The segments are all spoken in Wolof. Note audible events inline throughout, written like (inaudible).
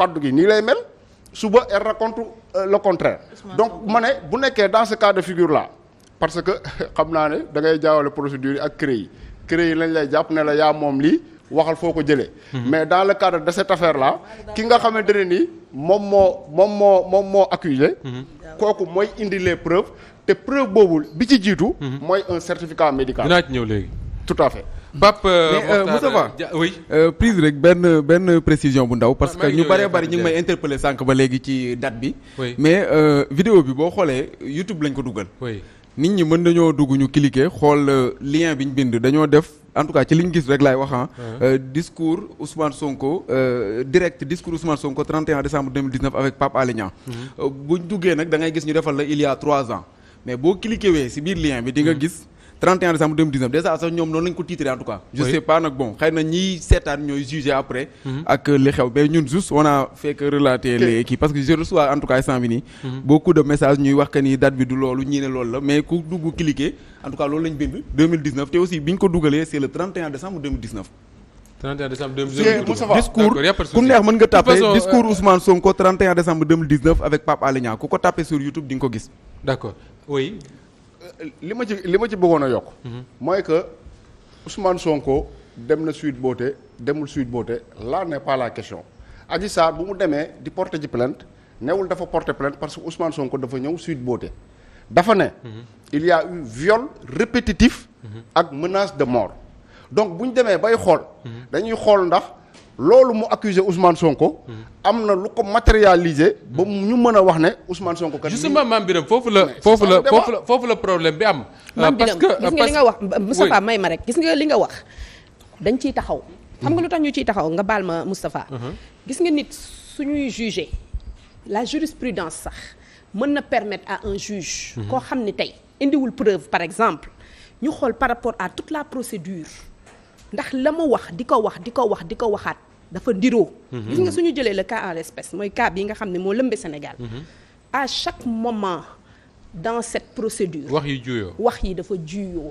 kaddu gi nii lay mel suba elle raconte euh, le contraire donc ma ne bu nekkee dans ce figure la parce que (laughs) xam naa ne da ngay jaawale procédure yi ak CREI yi CREI yi lañ lay jàpp ne la yaa moom lii waxal foo ko jëlee mhm. mais dans le cadre des cette affaire là ki nga xamante ne nii moom moo moom moo moom moo accusé mhm. kooku mooy indi les preuves te preuve boobu bi ci jiitu mhm. mooy un certificat médical dinaa ci ñëw léegi tout à fait Pape euh, euh, Moussa euh, oui prise rek benn benn précision bu ndaw parce que ñu bëree bëri ñu ngi may interpeller sànq ba léegi ci date bi mais vidéo bi boo xoolee YouTube lañ ko dugal nit ñi mën nañoo dugg ñu cliquer xool lien bi ñu bind dañoo def en tout cas ci li ñu gis rek laay wax ah. discours Ousmane Sonko euh, direct discours Ousmane Sonko 31 décembre 2019 avec Pape Alé Niang. Mm-hmm. bu ñu duggee nag da ngay gis ñu defal la il y a trois ans mais boo cliquer wee si biir lien bi di nga mm-hmm. gis. 31 décembre 2019 déjà sax ñoom noonu lañ ko titré en tout cas. je oui. sais pas nag bon xëy na ñiy seetaan ñooy jugé après. Mhm. ak euh, li xew mais ñun juste on a fait que relater les kii parce que je reçois en tout cas instant bi nii. Mhm. beaucoup de messages ñuy wax que ni date bi du loolu ñii ne loolu la mais ku dugg cliquer en tout cas loolu lañ bind 2019 te aussi bi ñu ko dugalee c'est le 31 décembre 2019. 31 décembre 2019 discours ku neex mën nga tapé euh, discours Ousmane Sonko 31 décembre 2019 avec Pape Alé Niang ku ko tapé sur YouTube di nga ko gis. d'accord oui. li ma ci li ma ci bëggoon a yokk. Mhm. mooy que Ousmane Sonko dem na Sweet Beauté demul Sweet Beauté là ne pas la question. Adji Sarr bu mu demee di porte ci plainte newul dafa porter plainte parce que Ousmane Sonko dafa ñëw Sweet Beauté dafa ne. Mhm. il y a répétitif. Mhm. ak menace de mort donc bu ñu demee bay xool. dañuy xool ndax. loolu mu accusé Ousmane Sonko. am na lu ko matérialiser ba ñu mën a wax ne Ousmane Sonko kat. justement maam Birame foofu la foofu la foofu la problème bi am. Euh, parce que gis nga li nga wax Moustapha may ma rek gis nga li nga wax dañ ciy taxaw. xam nga mhm. lu tax ñu ciy taxaw nga baal ma Moustapha. Mhm. gis nga nit suñuy juger la jurisprudence sax mën na permettre a un juge. Mhm. koo xam ni tey indiwul preuve par exemple ñu xool par rapport à toute la procédure. ndax la mu wax di ko wax di ko wax di ko waxaat dafa ndiroo mhm. gis nga suñu jëlee le cas en l'espèce mooy cas bii nga xam ne moo lëmbe Sénégal mhm. à chaque moment dans cette procédure wax yi juyoo wax yi dafa juyoo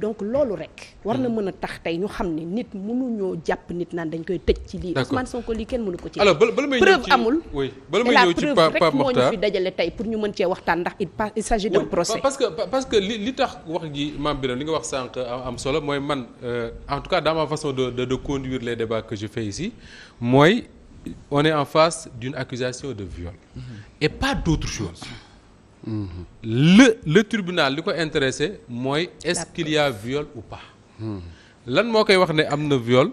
donc loolu rek. war na hmm. mën a tax tey ñu xam ne nit mënuñoo jàpp nit naan dañ koy tëj ci lii. Ousmane Sonko lii kenn mënu ko ci. alors bala may ñëw ci preuve amul. oui bala may ñëw ci Pa preuve rek moo ñu fi dajale tey pour ñu mën cee waxtaan ndax il pa il s'agit procès. parce que parce que li tax wax ji maam Birame li nga wax sànq am solo mooy man euh, en tout cas dans ma façon de de de conduire les débats que je fais ici mooy on est en face d'une accusation de viol. Mm-hmm. et pas d'autre chose. le le tribunal li ko intéressé mooy est-ce qu'il y a viol ou pas lan moo koy wax ne am na viol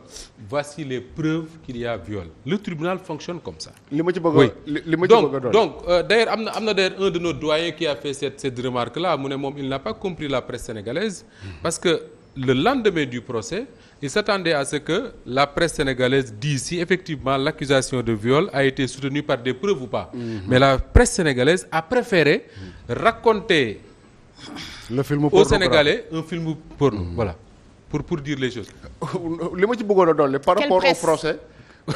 voici les preuves qu'il y a viol le tribunal fonctionne comme ça li ma ci bëgg li ma ci bëgg a donc euh, d'ailleurs am na am na d'ailleurs un de nos doyens qui a fait cette cette remarque là mu ne moom il n'a pas compris la presse sénégalaise hmm. parce que le lendemain du procès il s'attendait à ce que la presse sénégalaise dis si effectivement l'accusation de viol a été soutenue par des preuves ou pas. Mm -hmm. Mais la presse sénégalaise a préféré mm -hmm. raconter le film au Sénégalais un film porno mm -hmm. voilà pour pour dire les choses. li ma ci bëggoon a dolli par rapport au procès.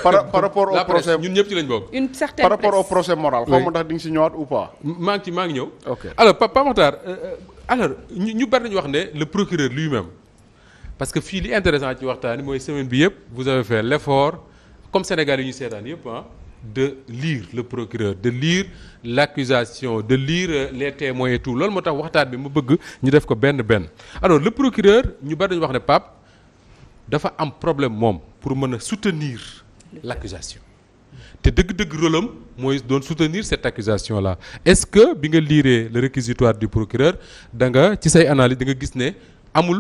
par (laughs) par rapport au procès ñun ñëpp ci lañ bokk. une certaine par rapport au procès moral. xaw ma ndax di nga si ñëwaat ou pas. maa ngi ci maa ngi ñëw. ok alors Pape Makhtar euh, euh, alors ñu ñu bari wax ne le procureur lui-même. parce que fii li intéressant ci waxtaan mooy semaine bi yëpp vous avez fait l'effort comme Sénégal yi ñu seetaan yëpp ah de lire le procureur de lire l'accusation de lire euh, les témoins et tout loolu moo tax waxtaan bi ma bëgg ñu def ko benn benn alors le procureur ñu bari dañu wax ne Pape dafa am problème moom pour mën a soutenir l'accusation te dëgg-dëgg rôle mooy doon soutenir cette accusation la est-ce que bi nga liiree le réquisitoire du procureur da nga ci say analyse da nga gis ne amul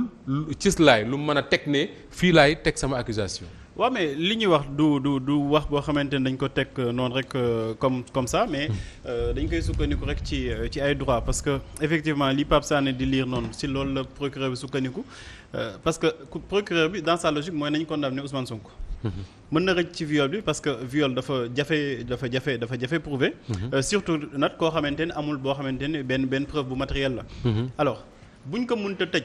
cislaay lu mën a teg ne fii laay teg sama accusation waaw mais li ñuy wax du du du wax boo xamante ne dañ ko teg euh, noonu rek euh, comme comme ça mais hmm. euh, dañ koy sukkandiku rek ci ci ay droit parce que effectivement li Pape Sané di liir noonu si loolu la procureur bi sukkandiku parce que procureur bi dans sa logique mooy nañ condamné Ousmane Sonko. Hmm. mën na rëcc ci viol bi parce que viol dafa jafe dafa jafe dafa jafe prouvé. Hmm. surtout nag koo xamante ne amul boo xamante ne benn benn preuve bu matériel la. alors ko mënta tëj.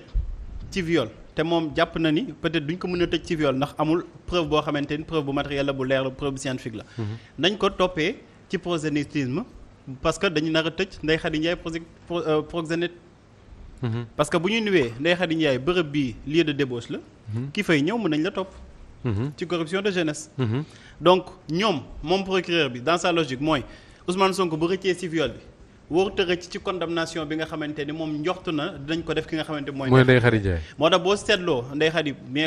ci viol te moom jàpp na ni peut-être duñ ko mën a tëj ci viol ndax amul preuve boo xamante preuve bu matériel la bu leer la preuve bu scientifique la. Mhm. nañ ko toppee ci proxénétisme parce dañu nar a tëj Ndeye Khady Ndiaye euh, proxénète mhm. parce que bu ñu nuwee Ndeye Khady bërëb bii lieu de débauche la. Mhm. ki fay ñëw mën nañ la topp. ci corruption de jeunesse. donc ñoom moom procureur bi dans sa logique mooy Ousmane Sonko bu rëccee ci bi. warut a rëcc ci condamnation bi nga xamante ni moom njoxtu na dinañ ko def ki nga xamante mooy. mooy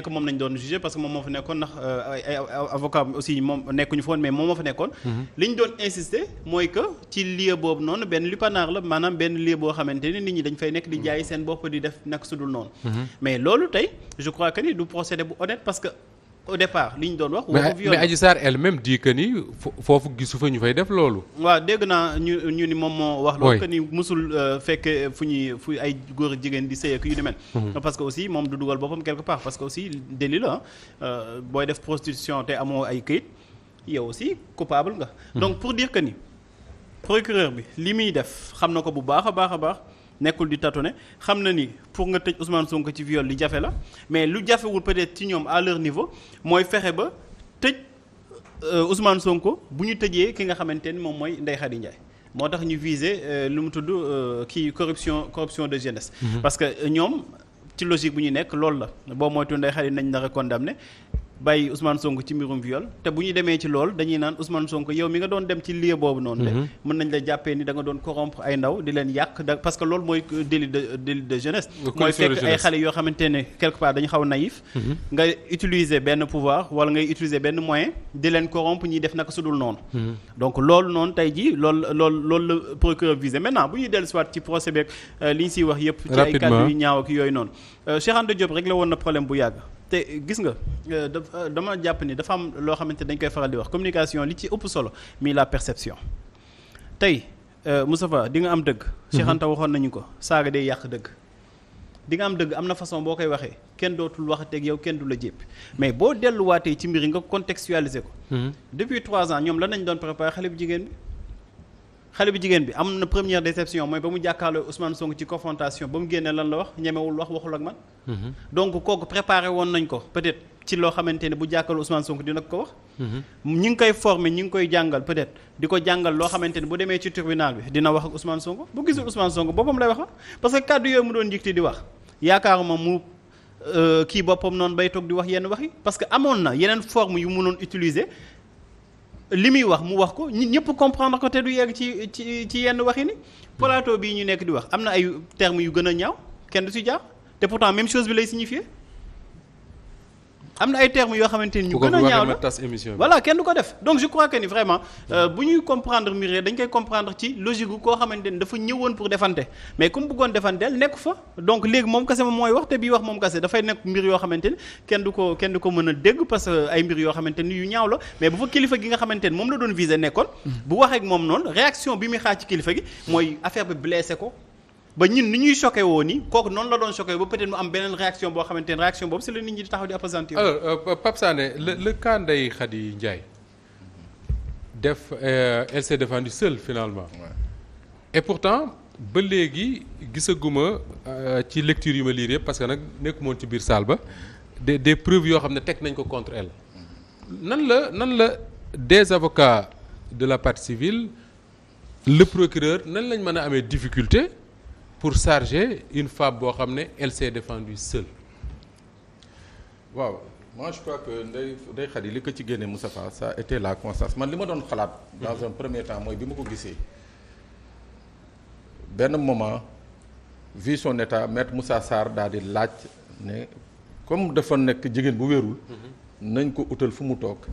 moom nañ doon jugé parce moom moo fa nekkoon ndax euh, avocat aussi moom nekkuñu fa mais moom moo fa nekkoon. Mm-hmm. li ñu doon insister mooy que ci lieu boobu noonu benn lupanaar la maanaam benn lieu boo xamante nit ñi dañ fay nekk di mm-hmm. jaay seen bopp di def nag sudul noonu. Mm-hmm. mais loolu tey je que ni du procédé bu honnête parce au départ li ñu doon wax. woo ko violé mais Adji Sarr elle-même dit que ni foofu gisu fa ñu fay def loolu. waaw dégg naa ñu ñu ni moom moo wax. loolu que ni euh, fekk fu ñuy fu ay góor jigéen di sëy ak yu ni mel. Mhm. parce que aussi moom du dugal boppam quelque part parce que aussi délit la euh, booy def prostitution te amoo ay këyit yow aussi coupable nga. Mhm. donc pour dire que procureur bi li muy def xam na ko bu baax a baax a baax. nekkul di ne xam na ni pour nga tëj Ousmane Sonko ci viol li jafe la mais lu jafewul peut-être ci ñoom à leur niveau mooy fexe ba tëj euh, Ousmane Sonko bu ñu tëjee ki nga xamante ni moom mooy Ndeye Khady Ndiaye moo tax ñu viser euh, lu mu tudd euh, kii corruption corruption de jeunesse. Mm-hmm. parce que ñoom ci logique bu ñu nekk loolu la boo moytu Ndeye Khady nañ nar a condamné bàyyi usman Sonko ci mbirum viol te bu ñu demee ci lool dañuy naan Ousmane Sonko yow mi nga doon dem ci lieu boobu noonu de mhm. mën nañ la jàppee ni da nga doon corrompre ay ndaw di leen yàq da parce que loolu mooy délit de jeunesse mooy fekk ay xale yoo xamante ne quelque part dañu xaw naïf mhm. nga utiliser benn pouvoir wala ngay utiliser benn moyen di leen corrompre ñiy def naka sudul noonu mhm. donc loolu noonu tey ji lool lool loolu la procureur visé maintenant bu ñuy dellu soit ci procès beeg euh, li wax yëpp ci ay kàddu ñaaw ak yooyu noonu euh, Cheikh Anta Diop rek la na problème bu yàgg te gis nga euh, euh, dama jàpp ni dafa am loo xamante dañ koy faral di wax communication li ci ëpp solo mii la perception tey euh, Moustapha di nga am dëgg. Cheikh mhm. waxoon nañu ko saaga day yàq dëgg. di nga am dëgg am na façon boo koy waxee kenn dootul waxateeg yow kenn du la jépp mais boo delluwaatee ci mbir yi nga contextualiser ko. Mhm. depuis trois ans ñoom lan nañ doon préparé xale bu jigéen bi. xale bu jigéen bi am na première déception mooy ba mu jàkkaarloo Ousmane Sonko ci confrontation ba mu génnee lan la wax ñemewul wax waxul ak man. Mhm. donc kooku préparé woon nañ ko peut ci loo xamante ne bu jàkkaarloo Ousmane Sonko dina ko wax. Mhm. ñi ngi koy former ñi ngi koy jàngal peut-être di ko jàngal loo xamante ne bu demee ci tribunal bi dina wax ak Ousmane Sonko bu gisul Ousmane Sonko boppam lay wax ah. parce que kàddu yooyu mu doon njëkk di wax yaakaaruma mu. Euh, kii boppam noonu bay toog di wax yenn wax yi parce que amoon na yeneen forme yu mënoon utiliser li muy wax mu wax ko ñun ñëpp comprendre ko te du yegg ci ci ci yenn waxi ni plateau bii ñu nekk di wax am na ay termes yu gën a ñaaw kenn du si jaar te pourtant même chose bi lay fi am na ay termes yoo xamante ni ñu gën a ñaaw voilà kenn du ko def donc je crois que ni vraiment euh, bu ñuy comprendre Muré dañ koy comprendre ci logique gu koo xamante ni dafa ñëwoon pour defante mais comme bëggoon defanteel nekk fa donc léegi moom kase moom mooy wax te bii wax moom kase dafay nekk mbir yoo xamante ni kenn du ko kenn du ko mën a dégg parce que ay mbir yoo xamante ni yu ñaaw la mais bu fa kilifa gi nga xamante ni moom la doon visé nekkoon bu waxee ak moom noonu réaction bi muy xaar ci kilifa gi mooy ko ba ñun ni ñuy choqué woo ni kooku noonu la doon choqué ba peut-être mu am beneen réaction boo xamante ne réaction boobu c'est la nit ñi di taxaw di appesantir. alors euh, Pape Sané le le cas Ndeye Khady Ndiaye def euh, elle s'est défendue ba léegi gisaguma euh, ci lecture yu ma lire yëpp que nag nekkumoon ci biir salle ba des des preuves yoo xam ne teg nañ ko contre elle. nan la nan la des avocats de la partie civile le procureur nan lañ mën a amee difficulté. pour charger une femme boo xam ne elle s'est défendue seule. waaw moi je crois que Ndeye Ndeye Khady li ko ci génne Moustapha ça a été la constance man li ma doon xalaat. dans un premier temps mooy bi ma ko gisee benn moment vu son état maître Moussa Sarr daal di laaj ne comme dafa nekk jigéen bu wérul. Mhm. nañ ko utal fu mu toog.